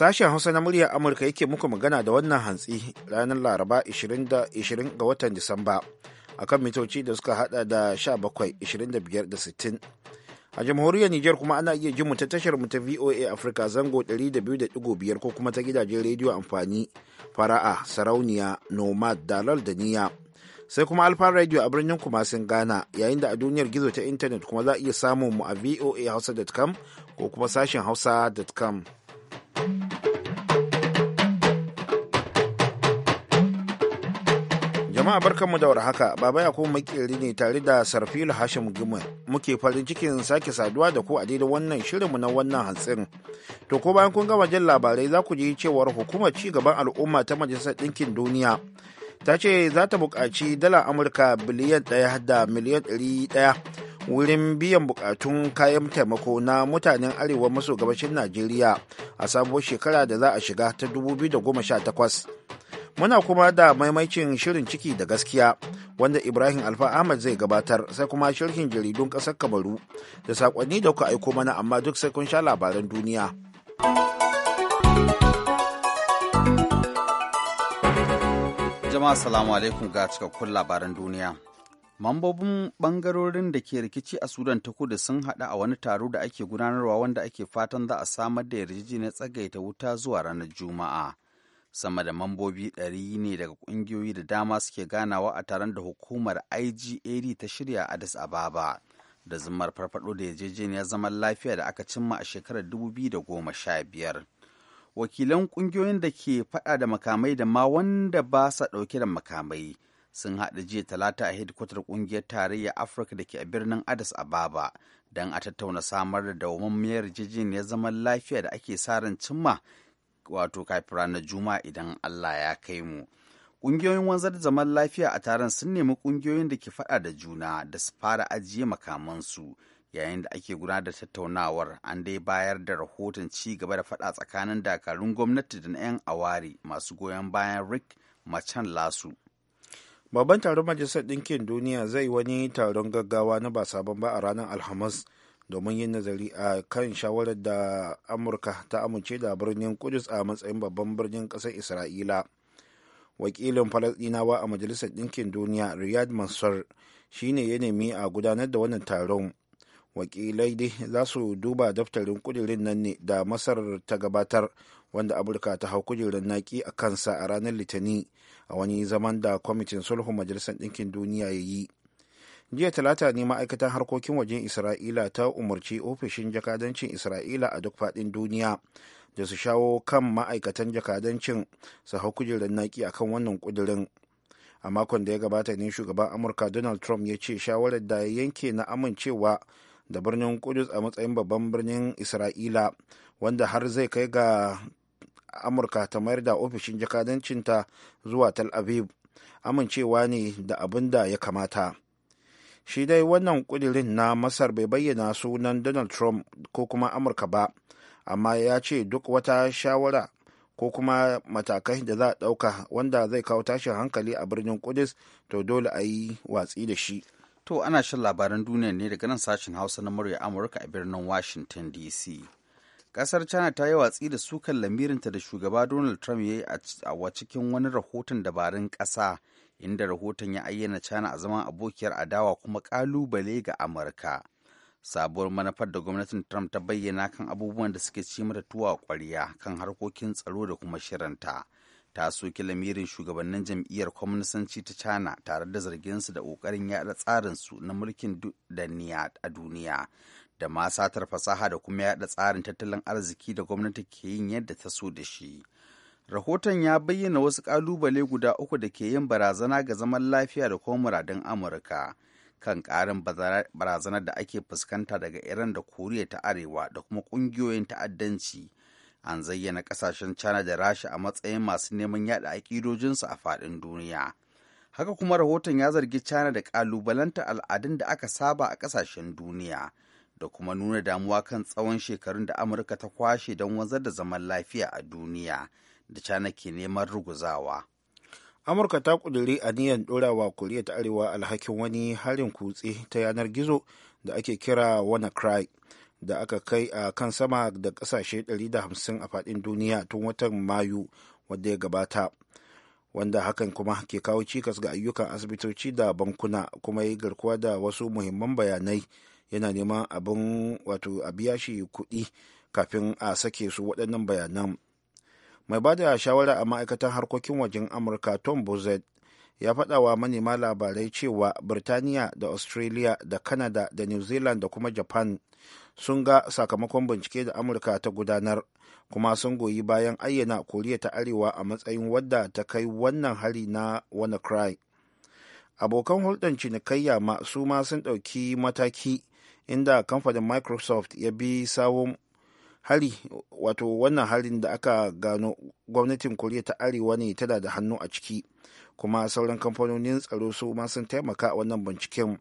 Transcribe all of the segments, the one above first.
Sashen Hausa na muryar Amurka yake muku magana da wannan hantsi ranar Laraba 20 ga watan Disamba akan mitoci da suka hada da 17, 25 da 60. A jamhuriyar Nijar kuma ana iya jin ta tashar mu ta VOA Africa zango 200.5 ko kuma ta gidajen rediyo amfani fara'a, sarauniya, nomad, dalal da niya. Sai kuma Alfa Radio a birnin Kumasin Ghana yayin da a duniyar gizo ta intanet kuma za a iya samun mu a voahausa.com ko kuma sashen hausa.com. jama'a barkanmu da warhaka baba ya kuma makeri ne tare da sarfilu hashim gumar muke farin cikin sake saduwa da ku a daidai wannan shirinmu na wannan hantsin to ko bayan kun gama jin labarai za ku ji cewar hukumar ci gaban al'umma ta majalisar ɗinkin duniya ta ce za ta buƙaci dala amurka biliyan ɗaya da miliyan ɗari ɗaya wurin biyan bukatun kayan taimako na mutanen arewa maso gabashin najeriya a sabuwar shekara da za a shiga ta 2018 muna kuma da maimaicin shirin ciki da gaskiya wanda ibrahim alfa ahmad zai gabatar sai kuma shirkin jaridun ƙasar kamaru da sakonni da kuka aiko mana amma duk sai kun sha labaran duniya jama'a salamu alaikum ga cikakkun labaran duniya Mambobin ɓangarorin da ke rikici a Sudan ta kudu sun haɗu a wani taro da ake gudanarwa wanda ake fatan za a samar da yarjejeniyar tsagaita wuta zuwa ranar Juma'a. Sama da mambobi ɗari ne daga ƙungiyoyi da dama suke ganawa a taron da hukumar IGAD ta shirya a Addis Ababa da zumar farfaɗo da yarjejeniyar zaman lafiya da aka cimma a shekarar 2015. Wakilan ƙungiyoyin da ke faɗa da makamai da ma wanda ba sa ɗauke da makamai sun haɗa jiya talata a hedkwatar ƙungiyar tarayya afirka da ke a birnin addis ababa don a tattauna samar da dawwammamiyar yarjejeniyar zaman lafiya da ake sa ran cimma wato kafin ranar juma'a idan allah ya kai mu ƙungiyoyin wanzar zaman lafiya a taron sun nemi ƙungiyoyin da ke faɗa da juna da su fara ajiye makamansu yayin da ake gudanar da tattaunawar an dai bayar da rahoton ci gaba da faɗa tsakanin dakarun gwamnati da na 'yan awari masu goyon bayan rick machan lasu babban taron majalisar ɗinkin duniya zai wani taron gaggawa na ba sabon ba a ranar alhamis domin yin nazari a kan shawarar da amurka ta amince da birnin kudus a matsayin babban birnin ƙasar isra'ila wakilin falasɗinawa a majalisar ɗinkin duniya riyad mansur shine ya nemi a gudanar da wannan taron wakilai dai za su duba daftarin kudirin nan ne da masar ta gabatar wanda amurka ta hau kujerar naki a kansa a ranar litani a wani zaman da kwamitin sulhu majalisar ɗinkin duniya ya yi jiya talata ne ma'aikatan harkokin wajen isra'ila ta umarci ofishin jakadancin isra'ila a duk faɗin duniya da su shawo kan ma'aikatan jakadancin su hau kujerar naki a kan wannan kudirin a makon da ya gabata ne shugaban amurka donald trump ya ce shawarar da yanke na amincewa da birnin Kudus a matsayin babban birnin Isra'ila wanda har zai kai ga Amurka ta mayar da ofishin jakadancinta zuwa Tel Aviv amincewa ne da abin da ya kamata. Shi dai wannan kudirin na Masar bai bayyana sunan Donald Trump ko kuma Amurka ba, amma ya ce duk wata shawara ko kuma matakai da za a ɗauka wanda zai kawo tashin hankali a birnin Kudus to dole a yi watsi da shi. To ana shan labaran duniya ne daga nan sashen Hausa na murya Amurka a birnin Washington DC. Kasar China ta yi watsi da sukan lamirinta da shugaba Donald Trump ya yi a cikin wani rahoton dabarun ƙasa inda rahoton ya ayyana China a zaman abokiyar adawa kuma ƙalubale ga Amurka. Sabuwar manufar da gwamnatin Trump ta bayyana kan abubuwan da suke ci mata tuwa kwariya kan harkokin tsaro da kuma shirinta. ta. ta soki lamirin shugabannin jam'iyyar kwamnisanci ta china tare da zargin su da ƙoƙarin yaɗa su na mulkin duniya a duniya da ma satar fasaha da kuma yaɗa tsarin tattalin arziki da gwamnati ke yin yadda ta so da shi rahoton ya bayyana wasu ƙalubale guda uku da ke yin barazana ga zaman lafiya da kuma muradun amurka kan ƙarin barazanar da ake fuskanta daga iran da koriya ta arewa da kuma ƙungiyoyin ta'addanci an zayyana kasashen china da rasha a matsayin masu neman yada aƙidojinsu a faɗin duniya haka kuma rahoton ya zargi china da ƙalubalanta al'adun da aka saba a ƙasashen duniya da kuma nuna damuwa kan tsawon shekarun da amurka ta kwashe don wanzar da zaman lafiya a duniya da china ke neman ruguzawa amurka ta ƙudiri niyyar ɗorawa koriya ta arewa alhakin wani harin kutse ta yanar gizo da ake kira wannacry cry da aka kai a kan sama da ƙasashe 150 a faɗin duniya tun watan mayu wadda ya gabata wanda hakan kuma ke kawo cikas ga ayyukan asibitoci da bankuna kuma yi garkuwa da wasu muhimman bayanai yana neman abin wato a biya shi kuɗi kafin a sake su waɗannan bayanan mai bada shawara a ma'aikatan harkokin wajen amurka tom bozet ya faɗa wa manema labarai cewa birtaniya da australia da canada da new zealand da kuma japan sun ga sakamakon bincike da amurka ta gudanar kuma sun goyi bayan ayyana koriya ta arewa a matsayin wadda ta kai wannan hari na cry abokan hulɗar cinikayya ma su ma sun ɗauki mataki inda kamfanin microsoft ya bi sawon hari wato wannan harin da aka gano gwamnatin koriya ta arewa ne tana da hannu a ciki kuma sauran kamfanonin tsaro su ma sun taimaka wannan binciken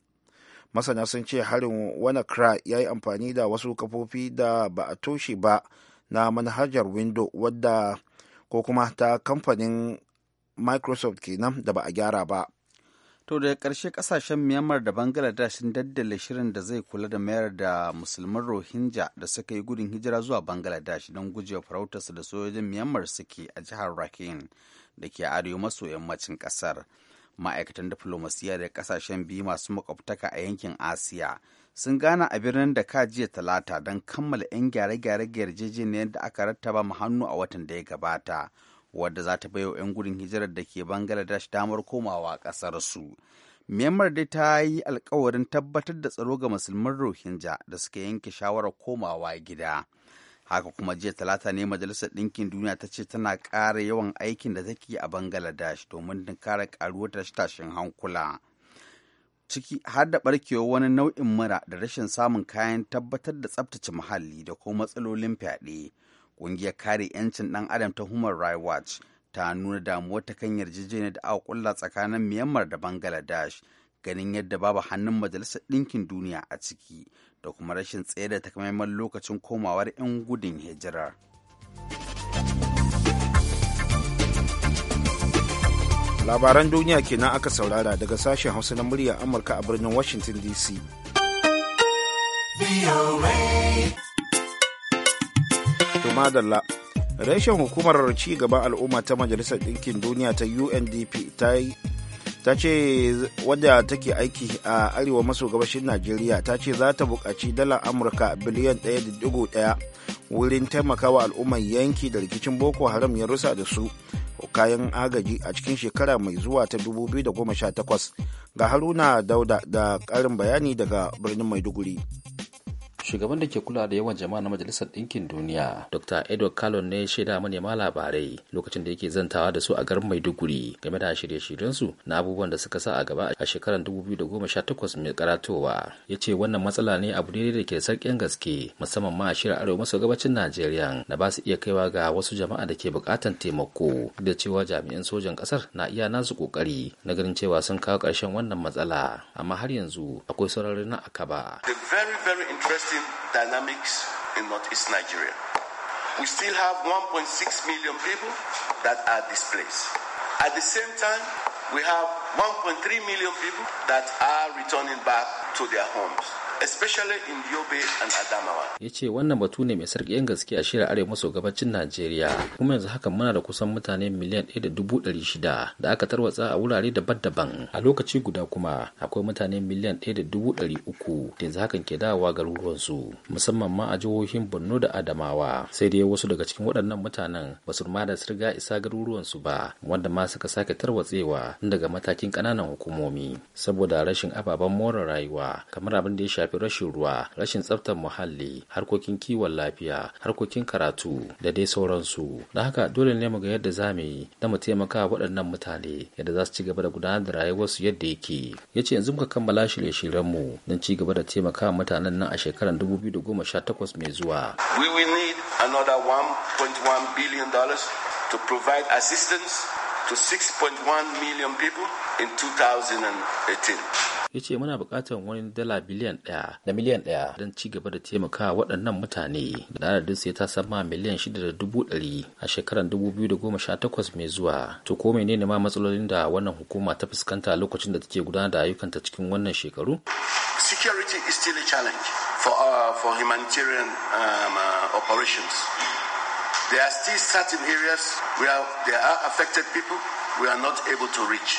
masana sun ce harin wanakra ya yi amfani da wasu kafofi da ba a toshe ba na manhajar window wadda ko kuma ta kamfanin microsoft kenan da ba a gyara ba to daga ƙarshe kasashen myanmar da bangladesh sun daddale shirin da zai kula da mayar da musulman rohingya da suka yi gudun hijira zuwa bangladesh don gujewa farautarsu da sojojin myanmar suke a jihar rakhine da ke arewa maso yammacin ƙasar. ma'aikatan diflomasiyya da kasashen biyu masu makwabtaka a yankin asiya sun gana a birnin da ka jiya talata don kammala 'yan gyare-gyare ga yarjejeniyar da aka rattaba mu hannu a watan da ya gabata wadda za ta baiwa 'yan gudun hijirar da ke bangladesh damar komawa su myanmar dai ta yi alkawarin tabbatar da tsaro ga musulman rohingya da suka yanke shawarar komawa gida haka kuma jiya talata ne majalisar ɗinkin duniya ta ce tana ƙara yawan aikin da take a bangladesh domin kare ƙaruwar tashin hankula ciki har da ɓarkewar wani nau'in mura da rashin samun kayan tabbatar da tsabtace muhalli da kuma matsalolin fyaɗe ƙungiyar kare 'yancin ɗan adam ta human rights watch ta nuna damuwa ta kan yarjejeniyar da aka kulla tsakanin myanmar da bangladesh ganin yadda babu hannun majalisar ɗinkin duniya a ciki da kuma rashin tsaye da takamaiman lokacin komawar 'yan gudun hijirar. labaran duniya kenan aka saurara daga sashen hausa na muryar amurka a birnin washington dc Tumadalla reshen hukumar ci gaba al'umma ta majalisar ɗinkin duniya ta undp ta yi ta ce wadda take aiki a arewa maso gabashin najeriya ta ce za ta buƙaci dalar amurka biliyan 1.1 wurin taimakawa al'ummar yanki da rikicin boko haram ya rusa da su kayan agaji a cikin shekara mai zuwa ta 2018 ga haruna dauda da ƙarin bayani daga birnin maiduguri shugaban da ke kula da yawan jama'a na majalisar ɗinkin duniya dr edward kalon ne shaida manema labarai lokacin da yake zantawa da su a garin maiduguri game da shirye-shiryensu na abubuwan da suka sa a gaba a shekarar dubu goma sha takwas mai karatowa ya ce wannan matsala ne abu ne da ke sarkin gaske musamman ma a shirin arewa maso gabacin najeriya da ba su iya kaiwa ga wasu jama'a da ke bukatan taimako da cewa jami'an sojan ƙasar na iya nasu ƙoƙari, na ganin cewa sun kawo ƙarshen wannan matsala amma har yanzu akwai sauraron na akaba. changing dynamics in northeast Nigeria. We still have 1.6 million people that are displaced. At the same time, we have 1.3 million people that are returning back to their homes. especially in Yobe and Adamawa. Ya ce wannan batu ne mai sarƙiyar gaske a shirin arewa maso gabacin Najeriya kuma yanzu haka muna da kusan mutane miliyan ɗaya da dubu ɗari shida da aka tarwatsa a wurare daban-daban a lokaci guda kuma akwai mutane miliyan ɗaya da dubu ɗari uku da yanzu hakan ke dawowa garuruwansu musamman ma a jihohin Borno da Adamawa sai dai wasu daga cikin waɗannan mutanen ba su ma da sirga isa garuruwansu ba wanda ma suka sake tarwatsewa daga matakin ƙananan hukumomi saboda rashin ababen more rayuwa kamar abin da ya shafi shafi rashin ruwa rashin tsaftar muhalli harkokin kiwon lafiya harkokin karatu da dai sauransu da haka dole ne mu ga yadda za mu yi da mu taimaka waɗannan mutane yadda za su ci gaba da gudanar da rayuwarsu yadda yake ya ce yanzu muka kammala shirye-shiryen mu don ci gaba da taimaka mutanen nan a shekarar 2018 mai zuwa we will need another 1.1 billion dollars to provide assistance to 6.1 million people in 2018 ya ce muna buƙatar wani dala biliyan ɗaya da miliyan ɗaya don ci gaba da taimaka waɗannan mutane da adadin sai ta sama miliyan shida da dubu ɗari a shekarar dubu biyu da goma sha takwas mai zuwa to ko menene ma matsalolin da wannan hukuma ta fuskanta lokacin da take gudanar da ayyukanta cikin wannan shekaru security is still a challenge for, uh, humanitarian um, uh, operations There are still certain areas where there are affected people we are not able to reach.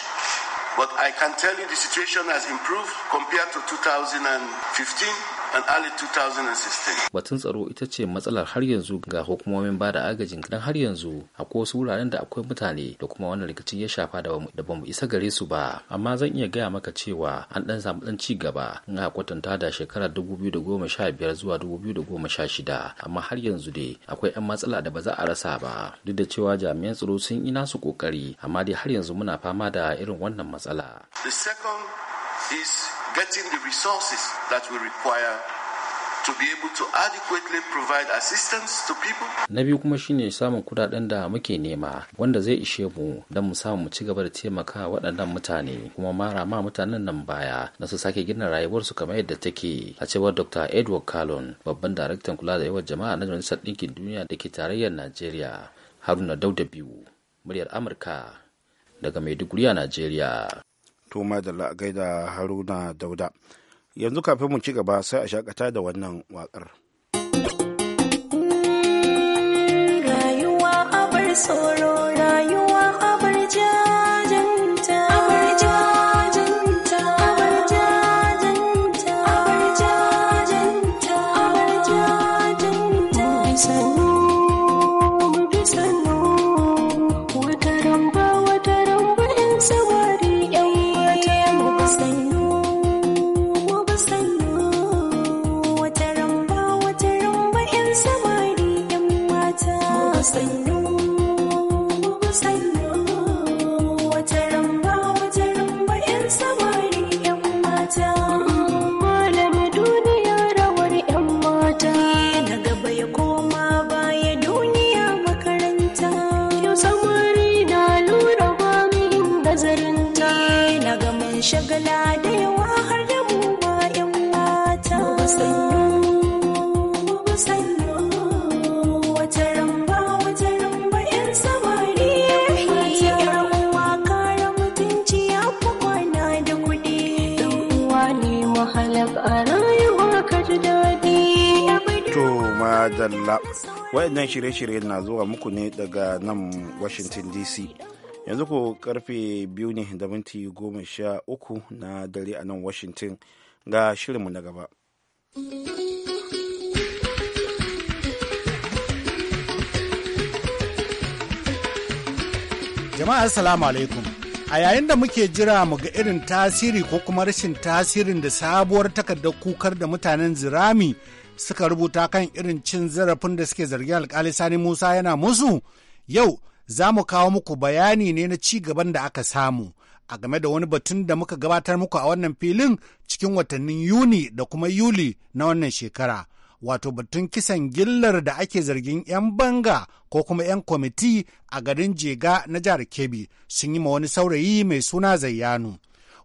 But I can tell you the situation has improved compared to 2015. and early 2016. Batun tsaro ita ce matsalar har yanzu ga hukumomin ba da agajin dan har yanzu akwai wasu wuraren da akwai mutane da kuma wannan rikicin ya shafa da ba mu isa gare su ba amma zan iya gaya maka cewa an ɗan samu ɗan ci gaba in a kwatanta da shekarar biyar zuwa da goma sha shida amma har yanzu dai akwai yan matsala da ba za a rasa ba duk da cewa jami'an tsaro sun yi nasu kokari amma dai har yanzu muna fama da irin wannan matsala. The second is getting the resources that we require to be able to adequately provide assistance to people. Na biyu kuma shine samun kudaden da muke nema wanda zai ishe mu don mu samu ci gaba da taimaka waɗannan mutane kuma mara ma mutanen nan baya na su sake gina rayuwarsu kamar yadda take a cewar Dr. Edward Kalon babban daraktan kula da yawan jama'a na Majalisar Ɗinkin Duniya da ke tarayyar Najeriya Haruna Dauda biyu muryar Amurka daga Maiduguri a Najeriya. toma da a gaida haruna dauda yanzu kafin mu ci gaba sai a shakata da wannan waƙar. Hmm, rayuwa abar tsoro ne na ga mun shagala da yawa har da mu ma yan mata sannu sannu wata ramba yan samari yar uwa kara mutunci ya kwana da kuɗi dan uwa ne mahalak a rayuwa ka ji daɗi to madalla waɗannan shirye-shirye na zuwa muku ne daga nan washington dc yanzu ko karfe biyu ne da minti goma sha uku na dare a nan washington ga shirinmu na gaba jama'a assalamu alaikum a yayin da muke jira mu ga irin tasiri ko kuma rashin tasirin da sabuwar takardar kukar da mutanen zirami suka rubuta kan irin cin zarafin da suke zargin alkali sani musa yana musu yau za mu kawo muku bayani ne na ci gaban da aka samu a game da wani batun da muka gabatar muku a wannan filin cikin watannin Yuni da kuma Yuli na wannan shekara. Wato batun kisan gillar da ake zargin 'yan banga ko kuma 'yan kwamiti a garin Jega na jihar Kebbi sun yi ma wani saurayi mai suna Zayyanu.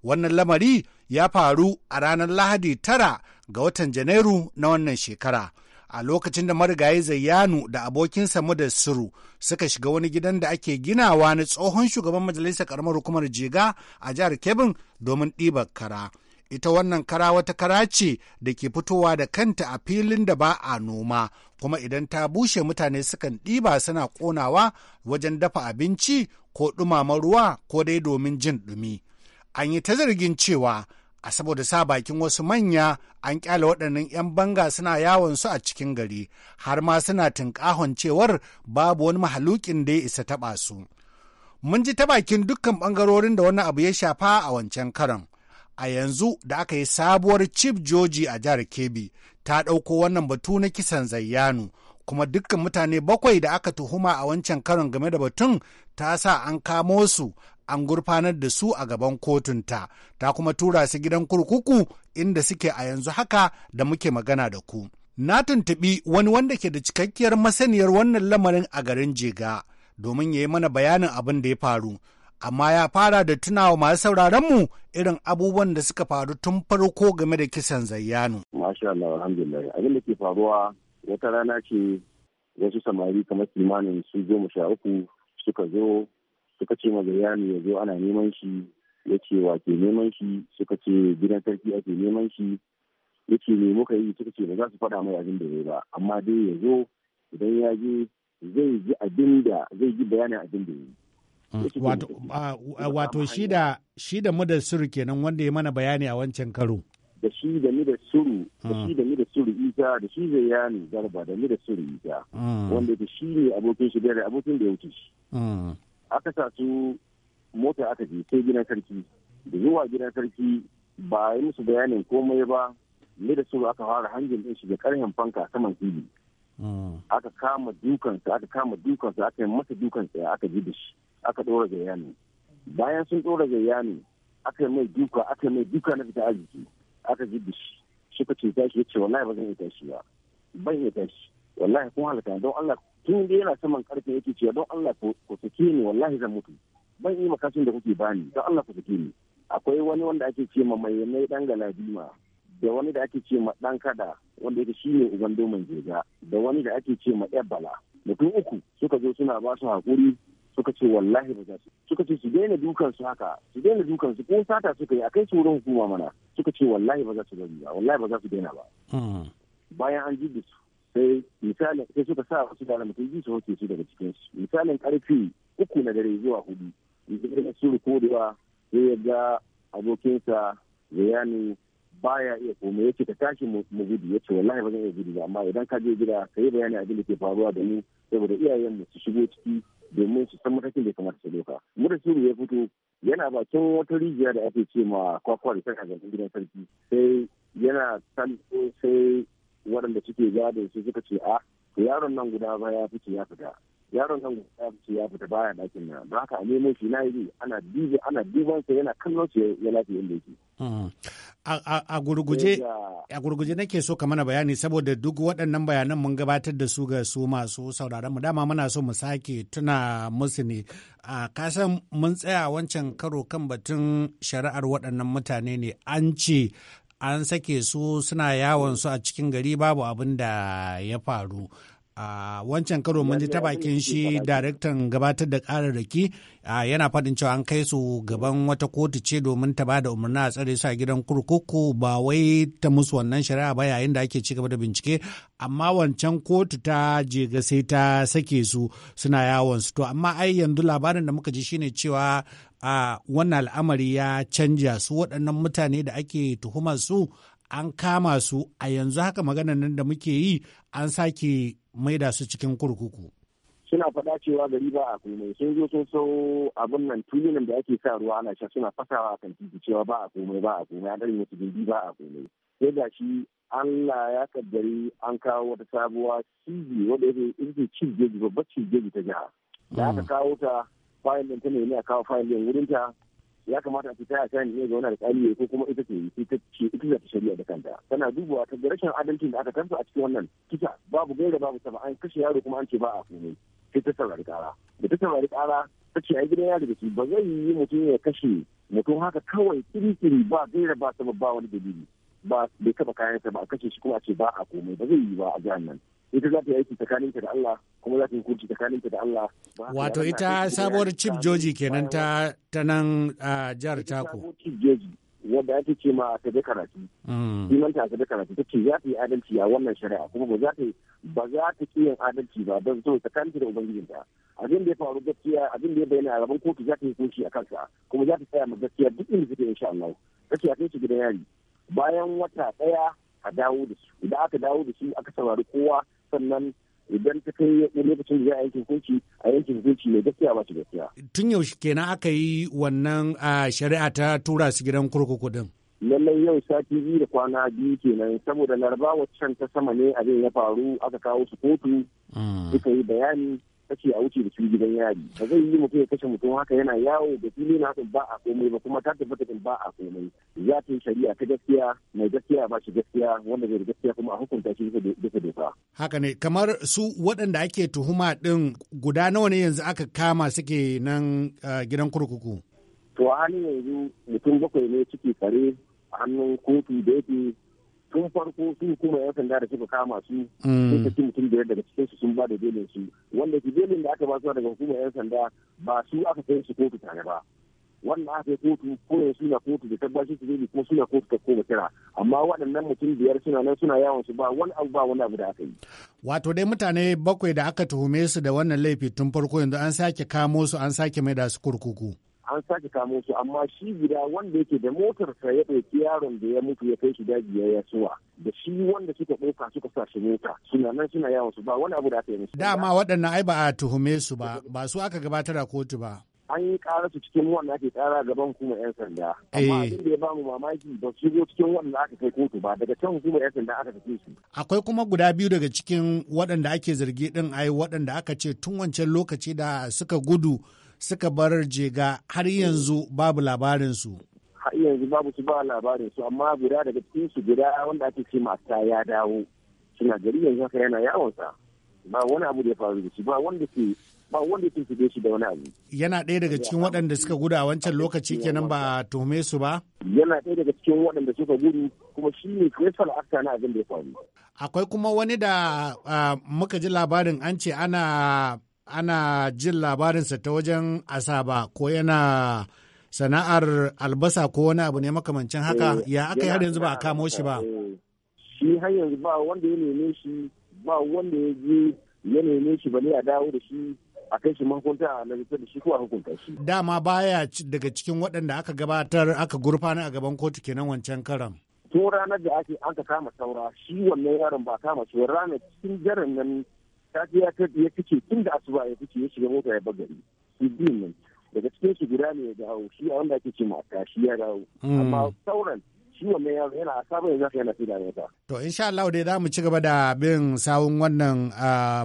Wannan lamari ya faru a ranar Lahadi tara ga watan Janairu na wannan shekara. a lokacin da marigayi zayyanu da abokinsa da suru suka shiga wani gidan da ake ginawa na tsohon shugaban majalisar karamar hukumar jega a jihar kebin domin ɗibar kara ita wannan kara wata kara ce da ke fitowa da kanta a filin da ba a noma kuma idan ta bushe mutane sukan ɗiba suna ƙonawa wajen dafa abinci ko ɗumama ruwa ko dai domin jin ɗumi an yi ta zargin cewa a saboda sa bakin wasu manya an kyale waɗannan 'yan banga suna yawon su a cikin gari har ma suna tunƙahon cewar babu wani mahalukin da ya isa taɓa su. Mun ji ta bakin dukkan ɓangarorin da wani abu ya shafa a wancan karan. A yanzu da aka yi sabuwar Chief Joji a jihar Kebbi ta ɗauko wannan batu na kisan zayyanu. kuma dukkan mutane bakwai da aka tuhuma a wancan karon game da batun ta sa an kamo su an gurfanar da su a gaban kotunta ta kuma tura su gidan kurkuku inda suke a yanzu haka da muke magana da ku. Na tuntuɓi wani wanda ke da cikakkiyar masaniyar wannan lamarin a garin Jega domin ya yi mana bayanin abin da ya faru. Amma ya fara da tunawa masu sauraronmu irin abubuwan da suka faru tun farko game da kisan zayyano. Masha Allah, alhamdulillah. Abin da ke faruwa wata rana ce wasu samari kamar kimanin su zo sha uku suka zo suka ce maza ne yanzu ana neman shi ya ce wa ke neman shi suka ce gidan sarki ake neman shi ya ce me muka yi suka ce ba za su faɗa mai abin da ya ba amma dai ya zo idan ya je zai ji abin da zai ji bayanin abin da ya yi. Mm. Wato ah, ah, shi da shi da mudar suru kenan wanda ya mana bayani a wancan karo. Da shi da mudar suru, da mm. shi da mudar suru isa, da shi zai yani garba da mudar suru isa, mm. wanda da shi ne abokin shi da abokin da ya wuce shi. aka sa su mota aka je sai gidan sarki da zuwa gidan sarki ba a yi musu bayanin komai ba ne da su aka fara hangin din shiga karhen fanka saman fili hmm. aka kama dukansa aka kama dukansa aka yi masa dukansa aka ji shi aka dora yanu bayan sun dora yanu aka yi mai duka aka yi mai duka na fita arziki aka ji shi shi ka ce tashi ya ce wallahi ba zan iya tashi ba ban iya tashi wallahi kun halatta don Allah tun da yana saman karfe yake cewa don Allah ku sake ni wallahi zan mutu ban yi makasin da kuke bani don Allah ku sake ni akwai wani wanda ake ce ma mai mai dan galadima da wani da ake ce ma dan kada wanda yake shi ne uban doman jega da wani da ake ce ma ebala mutum uku suka zo suna ba su hakuri suka ce wallahi ba za su suka ce su daina dukan su haka su daina dukan su ko sata suka yi a kai su wurin hukuma mana suka ce wallahi ba za su bari ba wallahi ba za su daina ba hmm. bayan an ji su sai misalin sai suka sa wasu da mutum su hoke su daga cikin su misalin karfi uku na dare zuwa hudu idan ya su rikodewa sai ya ga abokinsa zayani baya iya komai yake ta tashi mu gudu yace wallahi ba zan iya gudu ba amma idan ka je gida ka yi bayani abin da ke faruwa da mu saboda iyayenmu su shigo ciki domin su san matakin da ya kamata su doka murtasiru ya fito yana bakin wata rijiya da ake ce ma kwakwa da sarka gidan sarki sai yana kallo sai waɗanda suke gado su suka ce a yaron nan guda ba ya fice ya fita yaron nan guda ya fice ya fita baya ɗakin nan ba haka a nemo shi na yi ana dubi ana duban sa yana kallon shi ya lafiya yadda yake. Mm. a gurguje a gurguje nake so ka mana bayani saboda duk waɗannan bayanan mun gabatar da su ga su masu sauraron mu dama muna so mu sake tuna musu ne a kasan mun tsaya wancan karo kan batun shari'ar waɗannan mutane ne an ce an sake su suna yawon su a cikin gari babu abin da ya faru a wancan karo mun ji ta bakin shi daraktan gabatar da kararraki yana faɗin cewa an kai su gaban wata kotu ce domin ta ba da umarni a tsare su a gidan kurkuku ba wai ta musu wannan shari'a ba yayin da ake cigaba da bincike amma wancan kotu ta je ga sai ta sake su suna yawon su to amma ai yanzu labarin da muka ji shine cewa a wannan al'amari ya canja su waɗannan mutane da ake tuhumar su an kama su a yanzu haka maganar nan da muke yi an sake maida su cikin kurkuku suna faɗa cewa gari ba a komai sun zo sun so abin nan tulunan da ake sa ruwa ana sha suna fasawa a kan titi cewa ba a komai ba a komai a ɗarin wasu gindi ba a komai sai da shi Allah ya kaddari an kawo wata sabuwa cibi wadda yake ita cibiyoyi babbar cibiyoyi ta jiha da aka mm. kawo ta fayil ɗin ta ne a kawo fayil ɗin wurin ta ya kamata a fita a kan ne ga wani alƙali ko kuma ita ce ita ce ita ce shari'a da kanta tana dubawa ta ga rashin adalcin da aka tarsa a cikin wannan kisa babu gaira babu sama an kashe yaro kuma an ce ba a komai sai ta saurari kara da ta saurari kara ta ce ai gidan yaro da ba zai yi mutum ya kashe mutum haka kawai kirikiri ba gaira ba sama ba wani dalili ba bai kaba kayan ba a kashe shi kuma a ce ba a komai ba zai yi ba a jihar nan ita za ta yi aiki tsakaninta da Allah kuma za ta yi hukunci tsakaninta da Allah. Wato ita sabuwar Chief Joji kenan ta ta nan a jihar Tako. Sabuwar Chief Joji wanda ake ce ma ta da karatu. Mm. Imanta a ta da karatu ta ce za ta yi adalci a wannan shari'a kuma ba za ta ba za ta ki yin adalci ba don so tsakaninta da ubangijinta. Abin da ya faru gaskiya abin da ya bayyana a gaban kotu za ta yi kunshi a kansa kuma za ta tsaya ma gaskiya duk inda suke insha Allah. kace ce a kai shi gidan yari bayan wata ɗaya a dawo da su idan aka dawo da su aka saurari kowa sannan idan ta kai lokacin da za a yanke hukunci a yanke hukunci mai gaskiya ba ta gaskiya. Tun yaushe kenan aka yi wannan a shari'a ta tura su gidan kurkuku din. lallai yau sati biyu da kwana biyu kenan saboda laraba can ta sama ne abin ya faru aka kawo su kotu hmm. suka yi bayani kace a wuce da su gidan yari ba zai yi mutum ya kashe mutum haka yana yawo da fili na ba a komai ba kuma ta tabbata ba a komai za ta shari'a ta gaskiya mai gaskiya ba shi gaskiya wanda zai gaskiya kuma a hukunta shi bisa doka haka ne kamar su waɗanda ake tuhuma din guda nawa ne yanzu aka kama suke nan eh, gidan kurkuku to a halin yanzu mutum bakwai ne ciki kare hannun kotu da yake tun farko su kuma yan sanda da suka kama su mm. sun saki mutum biyar daga cikin su sun ba da belin su wanda su belin da aka ba su daga hukumar yan sanda ba su aka kai su kotu tare ba wannan aka yi kotu ko yanzu suna kotu da tabbaci su zai ko suna kotu ta koma kira amma waɗannan mutum biyar suna nan suna yawon su ba wani abu ba wani abu da aka yi. wato dai mutane bakwai da aka tuhume su da wannan laifi tun farko yanzu an sake kamo su an sake mai da su kurkuku. an sake kamo su amma shi gida wanda yake da motarsa ya ɗauki yaron da ya mutu ya kai shi daji ya yasuwa da shi wanda suka ɗauka suka sa shi mota suna nan suna yawon su ba wani abu da aka yi musu. Dama waɗannan ai ba a tuhume su ba ba su aka gabatar a kotu ba. an yi ƙara su cikin wanda ake ƙara gaban kuma 'yan sanda. Amma eh. abin da ya bamu mamaki ba su zo cikin wanda aka kai kotu ba daga can kuma 'yan sanda aka tafi su. Akwai kuma guda biyu daga cikin waɗanda ake zargi ɗin ai waɗanda aka ce tun wancan lokaci da suka gudu suka bar jega har yanzu babu labarinsu. Har yanzu babu su ba labarinsu amma guda daga cikin su guda wanda ake ce mata ya dawo. Suna gari yanzu haka yana yawonsa. Ba wani abu da ya faru da shi ba wanda ke ba wanda ke shige shi da wani abu. Yana ɗaya daga cikin waɗanda suka gudu a wancan lokaci kenan ba tuhume su ba? Yana ɗaya daga cikin waɗanda suka gudu kuma shi ne Crystal Acta na abin da ya faru. Akwai kuma wani da ah, muka ji labarin an ce ana ana jin labarinsa ta wajen asaba ko yana sana'ar albasa ko wani abu ne makamancin haka eh, ya aka har yanzu ba a kamo shi ba eh. shi har yanzu ba wanda ya neme shi ba wanda ya je ya neme shi bane a dawo da shi a kai shi mahukunta a nazarta da shi ko a hukunta shi dama baya daga cikin waɗanda aka gabatar aka gurfana a gaban kotu kenan wancan karan tun ranar da ake an ka kama saura shi wannan yaron ba kama shi ranar cikin jaran nan ta je ya ya fice tun da asuba ya fice ya shiga mota ya bagari su biyun nan daga cikin su guda ne ya dawo shi a wanda ake ce mata shi ya dawo hmm. amma sauran shi wannan yaro yana a sabon ya zaka yana fi da nesa. To insha Allah dai za mu ci gaba da bin sawun wannan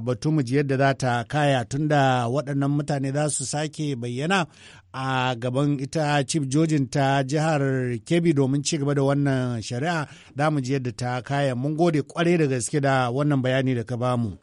batu mu ji yadda za ta kaya tunda waɗannan mutane za su sake bayyana a gaban ita chief jojin ta jihar Kebbi domin ci gaba da wannan shari'a damu ji yadda ta kaya mun gode kwarai da gaske da wannan bayani da ka bamu.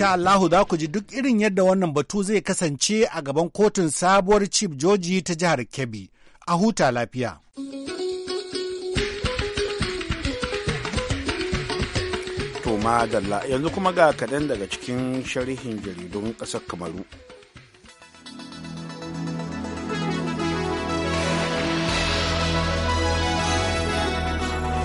insha Allahu za ku ji duk irin yadda wannan batu zai kasance a gaban kotun sabuwar Chief Joji ta jihar Kebbi. A huta lafiya. To yanzu kuma ga kaɗan daga cikin sharihin jaridun ƙasar Kamaru.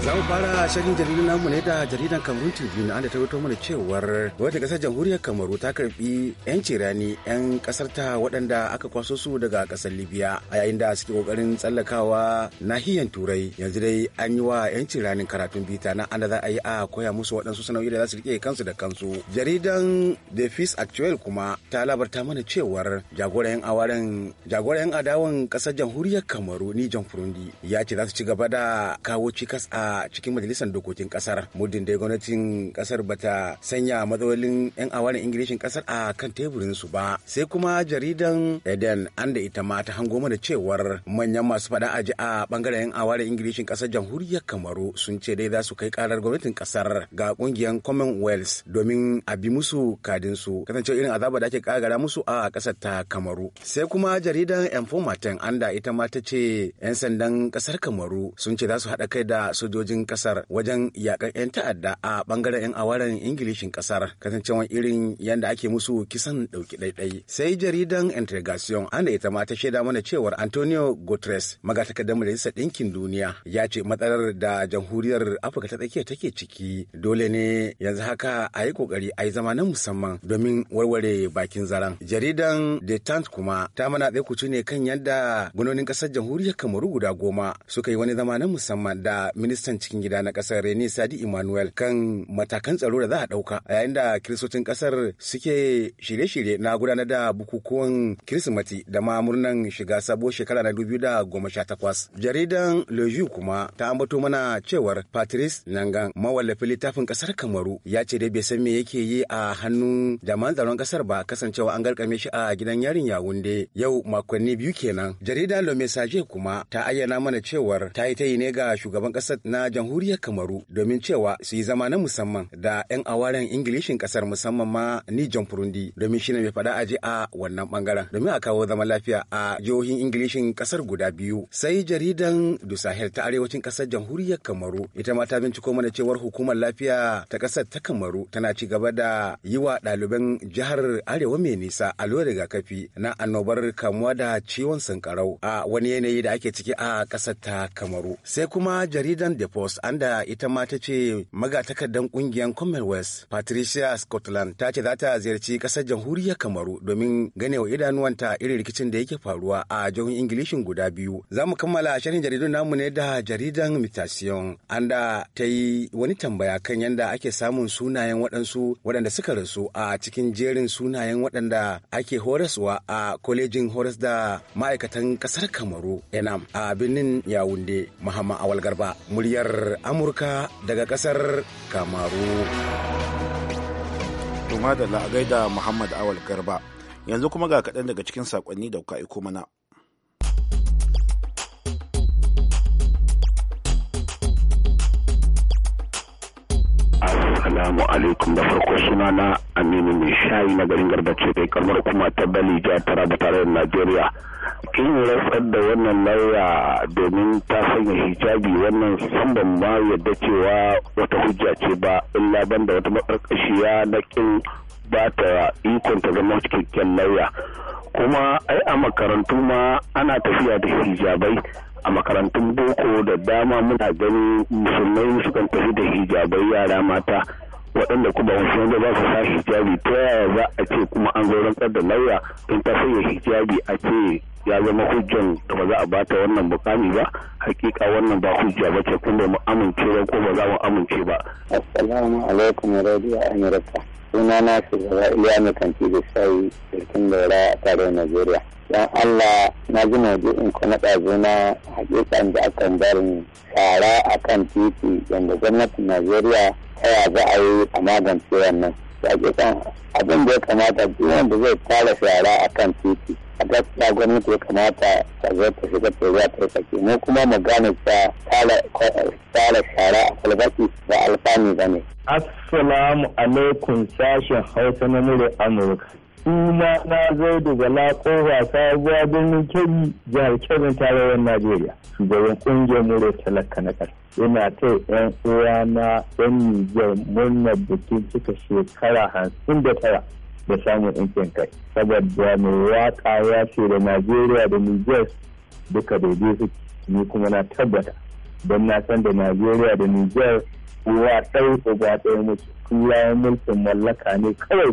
za mu fara shirin jaridar namu ne da jaridan kamarun tribune an da ta wato mana cewar wata kasar jamhuriyar kamaru ta karbi yanci rani yan kasar ta waɗanda aka kwaso su daga kasar libya a yayin da suke kokarin tsallakawa nahiyar turai yanzu dai an yi wa yanci ranin karatun bita na an da za a yi a koya musu waɗansu sana'o'i da za su rike kansu da kansu jaridan the fis actual kuma ta labarta mana cewar jagoran yan awaren jagoran yan adawan kasar jamhuriyar kamaru ni jan furundi ya ce za su ci gaba da kawo cikas a a cikin majalisar dokokin kasar muddin dai gwamnatin kasar bata sanya matsalolin yan awarin ingilishin kasar a kan teburin su ba sai kuma jaridan eden an da ita ma ta hango mana cewar manyan masu fada aji a bangaren yan awarin ingilishin kasar jamhuriyar kamaru sun ce dai za su kai karar gwamnatin kasar ga kungiyar commonwealth domin a bi musu kadin su kasance irin azaba da ake kagara musu a kasar ta kamaru sai kuma jaridan informatin an da ita ma ta ce yan sandan kasar kamaru sun ce za su haɗa kai da sojoji sojojin kasar wajen yakan 'yan ta'adda a bangaren 'yan awaren ingilishin kasar kasancewar irin yadda ake musu kisan dauki ɗaiɗai sai jaridan integration ana ita ma ta shaida mana cewar antonio gutres magatakardar majalisar ɗinkin duniya ya ce matsalar da jamhuriyar afirka ta tsakiya take ciki dole ne yanzu haka a yi kokari a yi zama na musamman domin warware bakin zaren jaridan detant kuma ta mana tsaye kucu ne kan yadda gunonin kasar jamhuriyar kamaru guda goma suka yi wani zama na musamman da ministan ministan cikin gida na kasar Rene Sadi Emmanuel kan matakan tsaro da za a ɗauka. a yayin da kiristocin kasar suke shirye-shirye na gudanar da bukukuwan kirismati da ma murnan shiga sabo shekara na 2018. Jaridan leju kuma ta ambato mana cewar Patrice Nangan mawallafin littafin kasar Kamaru ya ce dai bai san me yake yi a hannun jaman tsaron kasar ba kasancewa an garkame shi a gidan yarin Yawunde yau makonni biyu kenan. Jaridan Le Message kuma ta ayyana mana cewar ta yi ta yi ne ga shugaban kasar na jamhuriyar kamaru domin cewa su yi zama na musamman da 'yan awaren ingilishin kasar musamman ma nijan furundi domin shine mai faɗa aji a wannan bangaren domin a kawo zama lafiya a jihohin ingilishin kasar guda biyu sai jaridan du sahel ta arewacin kasar jamhuriyar kamaru ita ma ta binciko mana cewar hukumar lafiya ta kasar ta kamaru tana ci gaba da yi wa ɗaliban jihar arewa mai nisa allo rigakafi na annobar kamuwa da ciwon sankarau a wani yanayi da ake ciki a kasar ta kamaru sai kuma jaridan da Force anda ita ma ta ce magatakardan kungiyar Commonwealth Patricia Scotland ta ce za ta ziyarci kasar jamhuriyar Kamaru domin ganewa idanuwanta irin rikicin da yake faruwa a jihohin Ingilishin guda biyu. Za mu kammala shirin jaridun namu ne da jaridan Mutation anda ta yi wani tambaya kan yadda ake samun sunayen waɗansu waɗanda suka rasu a cikin jerin sunayen waɗanda ake horaswa a kwalejin horas da ma'aikatan ƙasar Kamaru Enam a birnin Yawunde Muhammad Awal Garba. Murya muryar Amurka daga kasar Kamaru. Tuma da la'agai da Muhammad Awal Garba, yanzu kuma ga kaɗan daga cikin saƙonni da kuka aiko mana. Assalamu alaikum da farko suna na Aminu mai shayi na garin garbace da kamar kuma ta ja tara da tarayyar Najeriya. Kin rasar da wannan lauya domin ta sanya hijabi wannan san ba ma yadda cewa wata hujja ce ba illa da wata matsarkashiya na kin ba ta ikon ta zama cikakken lauya. Kuma ai a makarantu ma ana tafiya da hijabai a makarantun boko da dama muna gani musulmai sukan tafi da hijabai yara mata waɗanda kuma wasu wanda za su sa hijabi ta yaya za a ce kuma an zo rantsar da lauya don ta sanya hijabi a ce ya zama hujjan da ba za a bata wannan mukami ba hakika wannan ba hujja ba ce kuma mu amince ba ko ba za mu amince ba assalamu alaikum radio amurka. suna na shugaba iliya mai kanti da sai sarkin daura a tarayyar najeriya don allah na ji in kuma ɗazu na hakikan da akan barin shara a kan titi yadda gwamnatin najeriya ta ya za a yi a magance wannan hakikan abin da ya kamata duk wanda zai tara shara a kan titi a gaskiya gwamnati ya kamata ta zo ta shiga ta zuwa ta sake mu kuma mu gane ta tara shara a kwalbaki ba alfani ba ne. Assalamu alaikum sashen Hausa na mure Amurka. Suna na zo daga wasa zuwa birnin Kebbi jihar Kebbin tarayyar Najeriya. Shugaban ƙungiyar mure talaka na ƙasa. Ina ta yan uwa na yan Nijar murnar bikin cika shekara hamsin da tara da samun ɗinkin kai saboda mai waƙa ya ce da najeriya da niger duka daidai su ni kuma na tabbata don na san da najeriya da niger kowa ɗai uba ɗaya mutu mulkin mallaka ne kawai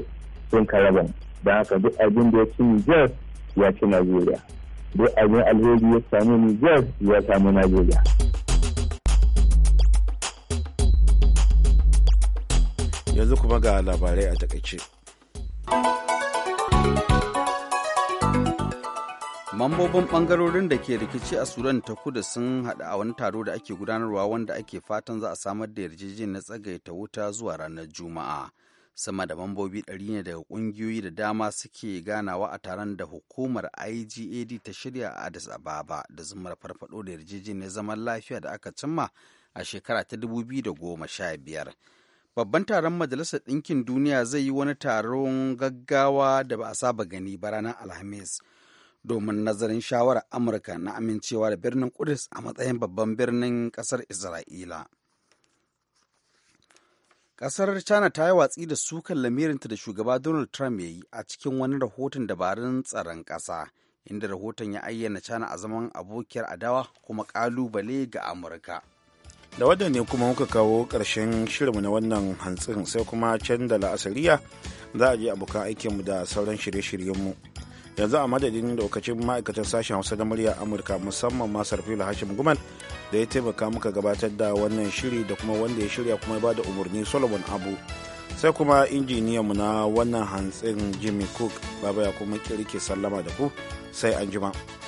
sun karaban da haka duk abin da ya ci niger ya ci najeriya duk abin alheri ya samu niger ya samu najeriya yanzu kuma ga labarai a takaice. Mambobin bangarorin da ke rikici a Sudan ta kudu sun haɗu a wani taro da ake gudanarwa wanda ake fatan za a samar da yarjejeniyar na tsagaita wuta zuwa ranar Juma'a. Sama da mambobi ɗari ne daga ƙungiyoyi da dama suke ganawa a taron da hukumar IGAD ta shirya a Addis Ababa da zumar farfaɗo da yarjejeniyar zaman lafiya da aka cimma a shekara ta 2015. babban taron majalisar ɗinkin duniya zai yi wani taron gaggawa da ba a saba gani ba ranar alhamis domin nazarin shawarar amurka na amincewa da birnin kudus a matsayin babban birnin ƙasar isra'ila ƙasar china ta yi watsi da sukan lamirinta da shugaba donald trump ya yi a cikin wani rahoton dabarun tsaron ƙasa inda rahoton ya ayyana china a zaman abokiyar adawa kuma ƙalubale ga amurka da wadda ne kuma muka kawo ƙarshen shirinmu na wannan hantsin sai kuma can da la'asariya za a je abokan aikinmu da sauran shirye-shiryenmu yanzu a madadin lokacin ma'aikatan sashen hausa na murya amurka musamman masar fila hashim guman da ya taimaka muka gabatar da wannan shiri da kuma wanda ya shirya kuma ba da umarni solomon abu sai kuma injiniyanmu na wannan hantsin jimmy cook baba ya kuma kirke sallama da ku sai an jima.